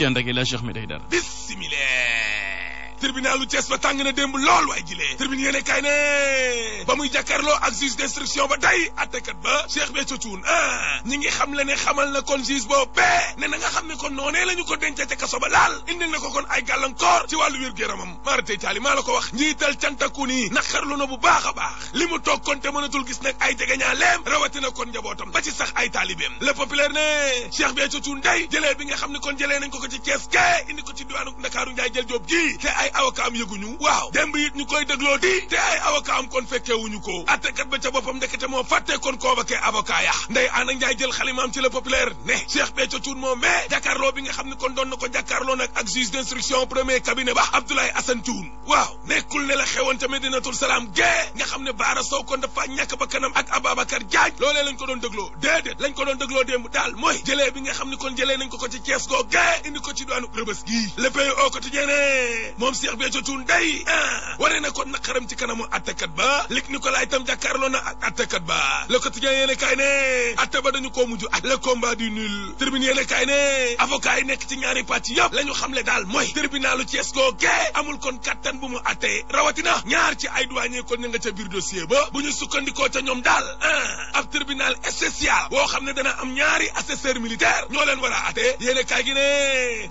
ci ànd ak El Hadj Ahmed Aidara bismillah tribunalu Thiès ba tàng na démb lool waaye jilee tribune yéene kay ne ba muy jàkkaarloo ak juge d'instruction ba day attekat ba Cheikh Béthio Thioune ah ñi ngi xam le ne xamal na kon juge boobu ne na nga xam ne kon noonee lañu ko dencee ca kaso ba laal indil na ko kon ay gàllankoor ci wàllu wér-gu-yaramam maaratey taali maa la ko wax njiital cantaku nii naqarlu na bu baax a baax li mu toog kon te mënatul gis nag ay jegeñaaleem rawatina kon njabootam ba ci sax ay taalibeem le populaire ne Cheikh Béthio Thioune day jëlee bi nga xam ne kon jëlee nañ ko ko ci Thiès ke indi ko ci diwaanu Ndakaaru Njaay jël Jóob gi ay awakaam yëguñu waaw démb it ñu koy dégloo di te ay awakaam kon fekkeewuñu ko attekat ba ca boppam ndekete moo fàttee kon convoqué avocat ya ndey Anna Ndiaye jël xalimaam ci le populaire ne Cheikh Béthio Thioune moom mais jàkkaarloo bi nga xam ne kon doon na ko jàkkaarloo nag ak juge d'instruction premier cabinet ba Abdoulaye Assane waaw nekkul ne la xewoon ca Medinatul Salaam gée nga xam ne Baara Sow kon dafa ñàkk ba ak Ababacar Diagne loolee lañ ko doon Cheikh Béthio Thioune day a ah, na kon naqaram ci kanamu attekat ba lig Nicolas itam jàkkaarloo na ak attekat ba Le Quotidien yéene kaay ne ba dañu koo mujj ak le combat du nul tribune yéene kaay ne avocat yi nekk ci ñaari pàcc yëpp la ñu xamle daal mooy tribunalu Thiès googe amul kon kattan bu mu attee rawatina ñaar ci ay douanier kon ña nga ca biir dossier ba bu ñu sukkandikoo ca ñoom daal a ah, ab tribunal spécial boo xam ne dana am ñaari assesseur militaire ñoo leen war a attee yéene kaay gi ne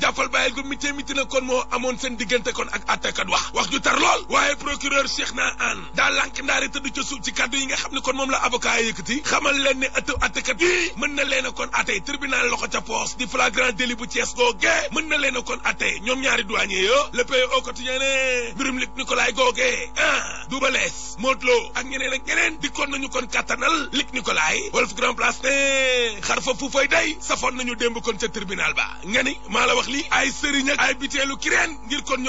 jàppal bàyyil gu mité miti kon moo amoon seen diggante kon ak attekat wax wax ju tar lool waaye procureur Cheikh na an daa lànk ndaari tëdd ca suuf ci kàddu yi nga xam ne kon moom la avocat yëkkati xamal leen ne ëtt attekat yi mën na leen a kon attey tribunal loxo ca poos di flagrant délit bu Thiès googe mën na leen a kon attey ñoom ñaari douanier yo le pays au quotidien ne mbirum lig Nicolay googe ah dubalees mootloo ak ñeneen ak ñeneen dikkoon nañu kon kàttanal lig Nicolay Walf Grand Place ne xar fa fu fay day safoon nañu démb kon ca tribunal ba nga ni maa la wax li ay sëriñ ak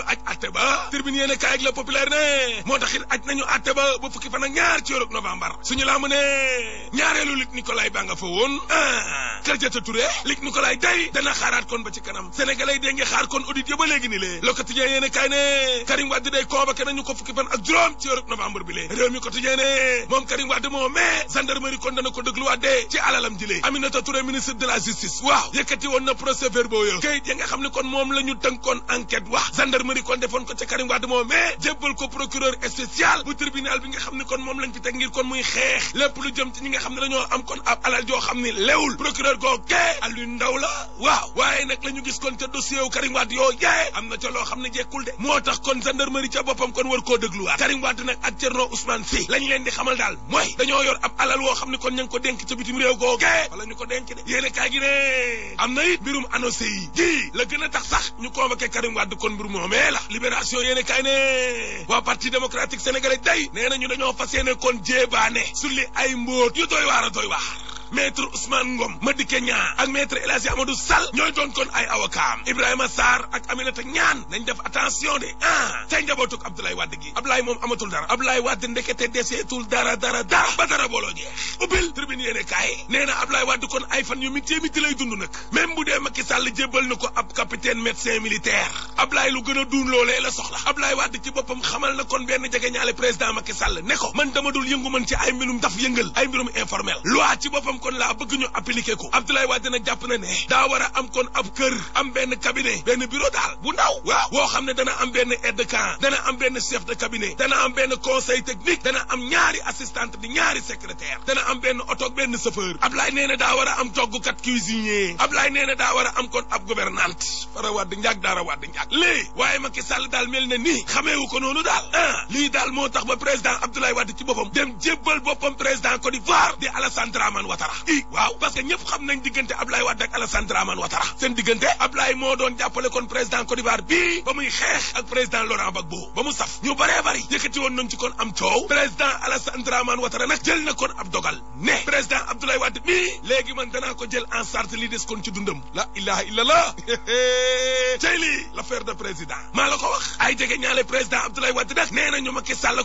ay atte ba tribune yéen kaay ak la populaire ne moo tax aj nañu atte ba ba fukki fan ak ñaar ci yorog novembre suñu laa mu ne ñaareelu Luc Nicolaï ba nga fa woon ah Kër Jata Touré day dana xaaraat kon ba ci kanam sénégalais dee ngi xaar kon audit ya ba léegi ni lee Le Quotidien yéen kaay ne Karim Wade day convoqué nañu ko fukki fan ak juróom ci yorog novembre bi lee réew mi ko dégluwaat dee ci alalam ji lee Aminata la justice waaw yëkkati woon na procès verbaux yo kayit ya ne kon moom la ñu tënkoon enquête wax gendarmerie kon defoon ko ca Karim Wade moo mais jébbal ko procureur spécial bu tribunal bi nga xam ne kon moom lañ fi teg ngir kon muy xeex lépp lu jëm ci ñi nga xam ne dañoo am kon ab alal joo xam ne leewul procureur googee Alioune Ndao la waaw waaye nag la ñu gis kon ca dossier wu Karim Wade yee am na ca loo xam ne jekkul de moo tax kon gendarmerie ca boppam kon war koo dégluwaat Karim Wade nag ak Thierno Ousmane Sy lañ leen di xamal daal mooy dañoo yor ab alal xam ne kon ña ngi ko dénk ca bitim réew googee wala ñu ko la gën a tax sax ñu convoqué Karim Wade kon mbir moomee la libération yéene kaay ne waa parti démocratique sénégalais day nee na ñu dañoo fas yéene kon jéebaane sulli ay mbóot yu doy waar a doy waar maître Ousmane Ngom Madické Niang ak metre El Hadji Amadou Sall ñooy doon kon ay awakaam Ibrahima Sarr ak Aminata Niane nañ def attention de ah tey njabootuk Abdoulaye Wade gi Abdoulaye moom amatul dara Abdoulaye Wade ndekete deseetul dara dara dara ba dara booloo jeex ubbil tribune yéene kaay nee na Abdoulaye Wade kon ay fan yu mitti mitti lay dund nag même bu dee Macky Sall jébbal na ko ab capitaine médecin militaire Abdoulaye lu gën a duun loolee la soxla Abdoulaye Wade ci boppam xamal na kon benn jege ñaale président Macky Sall ne ko man dama dul yëngu ci ay mbirum daf yëngal ay mbirum informel loi boppam kon laa bëgg ñu appliquer ko Abdoulaye Wade nag jàpp na ne daa war a am kon ab kër am benn cabinet benn bureau daal bu ndaw waaw woo xam ne dana am benn aide de dana am benn chef de cabinet dana am benn conseil technique dana am ñaari assistante di ñaari secrétaire dana am benn otoog benn chauffeur Abdoulaye nee na daa war am toggkat kat Abdoulaye nee na daa war am kon ab gouvernante fara Wade njàg daara Wade njàg lée waaye Macky Sall daal mel ne nii xameewu ko noonu daal ah daal moo tax ba président Abdoulaye Wade ci boppam dem jébbal boppam président Côte d'Ivoire di Ouattara i eh, waaw parce que ñëpp xam nañ diggante Ablaye Wade ak Alassane Dramane Ouattara seen diggante Ablaye moo doon jàppale kon président Côte d'Ivoire bii ba muy xeex ak président Laurent Gbagbo ba mu saf ñu baree bari yëkkati woon nañ ci kon am coow président Alassane Dramane Ouattara nag jël na kon ab dogal ne président Abdoulaye Wade bii léegi man danaa ko jël en charge li des kon ci dundam la ilaha illallah tey lii l'affaire de président maa la ko wax ay jege ñaale président Abdoulaye Wade nag nee na ñu Macky Sall a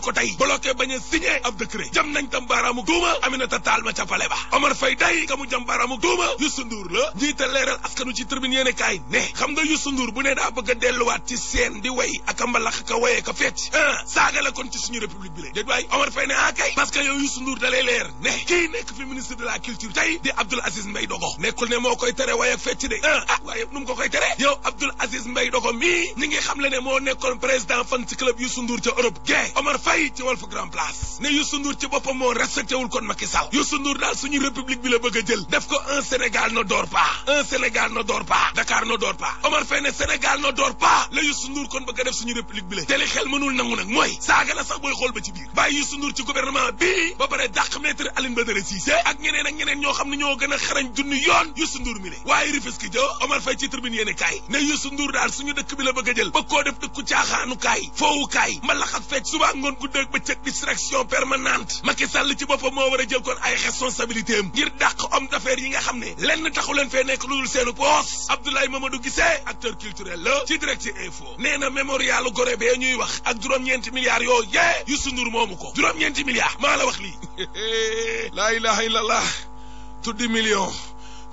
Omar Faye day ka mu jam baaraamu tuuma Youssou Ndour la njiital leeral askanu ci tribune yéene ne xam nga Youssou Ndour bu ne daa bëgg a delluwaat ci seen di way ak a mbalax ka waye ka fecc ah saaga la kon ci suñu république bi la Omar Faye ne ah kay parce que yow Youssou leer ne kii nekk fi ministre de la culture tey di Abdoul Aziz Mbaye Dogo nekkul ne moo koy tere way ak fecc de ah ah waaye ko koy tere yow Abdoul ca Europe gay Omar Faye ci Walf Grand publique bi la bëgg a jël def ko un Sénégal ne dort pas un Sénégal ne dort Omar Faye ne Sénégal ne dort la Youssou Ndour kon bëgg a def suñu république bi la te li xel mënul nangu nag mooy saaga la sax booy xool ba ci biir bàyyi Youssou Ndour ci gouvernement bi ba pare dàq maître Alioune Badara Cissé ak ñeneen ak ñeneen ñoo xam ne ñoo gën a xarañ junni yoon Youssou Ndour mi ne waaye Rufisque ja Omar Faye ci tribune yéene kaay ne Youssou Ndour daal suñu a a jël kon ay ngir dàq homme d'affaires yi nga xam ne lenn taxu leen fee nekk lu dul seenu poos Abdoulaye Mamadou Guissé acteur culturel la ci direct info nee na mémorialu Gorée bee ñuy wax ak juróom-ñeenti milliards yoo yee Youssou Ndour moomu ko juróom-ñeenti milliards maa la wax lii laa ilaha illallah tuddi million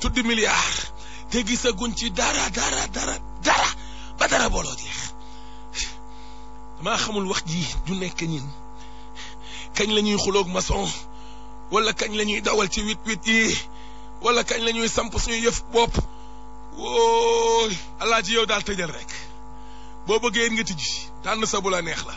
tuddi milliard te gisaguñ ci dara dara dara dara ba dara booloo jeex maa xamul wax ji du nekk ñin kañ la ñuy xuloog maçon wala kañ la ñuy dawal ci wit wit yi wala kañ la ñuy samp suñu yëf bopp wóoy alaaji yow daal tëjal rek boo bëggee nga tijji tànn sa bu neex la